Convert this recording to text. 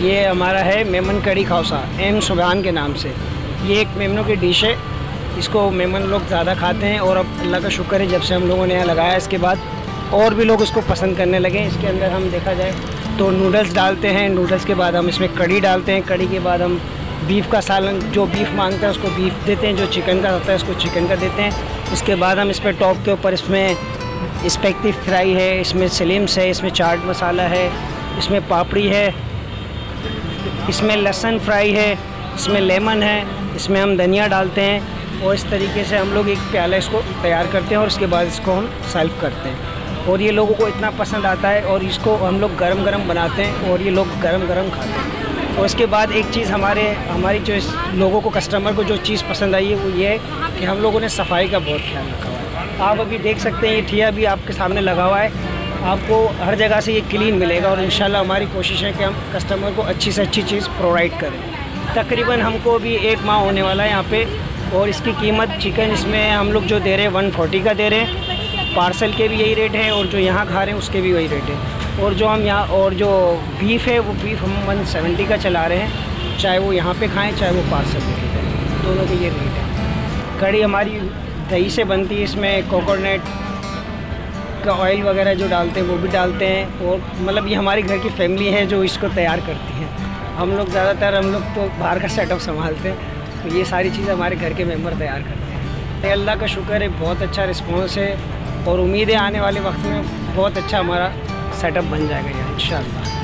ये हमारा है मेमन कड़ी खौसा एम सुबहान के नाम से ये एक मेमनों की डिश है इसको मेमन लोग ज़्यादा खाते हैं और अब अल्लाह का शुक्र है जब से हम लोगों ने यहाँ लगाया इसके बाद और भी लोग इसको पसंद करने लगे इसके अंदर हम देखा जाए तो नूडल्स डालते हैं नूडल्स के बाद हम इसमें कड़ी डालते हैं कड़ी के बाद हम बीफ का सालन जो बीफ मांगता है उसको बीफ देते हैं जो चिकन का होता है उसको चिकन का देते हैं उसके बाद हम इसमें टॉप के ऊपर इसमें स्पेक्टिव फ्राई है इसमें सलीम्स है इसमें चाट मसाला है इसमें पापड़ी है इसमें लहसन फ्राई है इसमें लेमन है इसमें हम धनिया डालते हैं और इस तरीके से हम लोग एक प्याला इसको तैयार करते हैं और उसके बाद इसको हम सर्व करते हैं और ये लोगों को इतना पसंद आता है और इसको हम लोग गरम गरम बनाते हैं और ये लोग गरम गरम खाते हैं और इसके बाद एक चीज़ हमारे हमारी जो लोगों को कस्टमर को जो चीज़ पसंद आई है वो ये है कि हम लोगों ने सफाई का बहुत ख्याल रखा हुआ है आप अभी देख सकते हैं ये ठिया भी आपके सामने लगा हुआ है आपको हर जगह से ये क्लीन मिलेगा और इन हमारी कोशिश है कि हम कस्टमर को अच्छी से अच्छी चीज़ प्रोवाइड करें तकरीबन हमको भी एक माह होने वाला है यहाँ पे और इसकी कीमत चिकन इसमें हम लोग जो दे रहे हैं वन फोर्टी का दे रहे हैं पार्सल के भी यही रेट है और जो यहाँ खा रहे हैं उसके भी वही रेट है और जो हम यहाँ और जो बीफ है वो बीफ हम वन सेवेंटी का चला रहे हैं चाहे वो यहाँ पे खाएं चाहे वो पार्सल में दोनों के ये रेट है कड़ी हमारी दही से बनती है इसमें कोकोनट का ऑयल वगैरह जो डालते हैं वो भी डालते हैं और मतलब ये हमारे घर की फैमिली है जो इसको तैयार करती है हम लोग ज़्यादातर हम लोग तो बाहर का सेटअप संभालते हैं तो ये सारी चीज़ हमारे घर के मेम्बर तैयार करते हैं तो अल्लाह का शुक्र है बहुत अच्छा रिस्पॉन्स है और उम्मीद है आने वाले वक्त में बहुत अच्छा हमारा सेटअप बन जाएगा यहाँ इन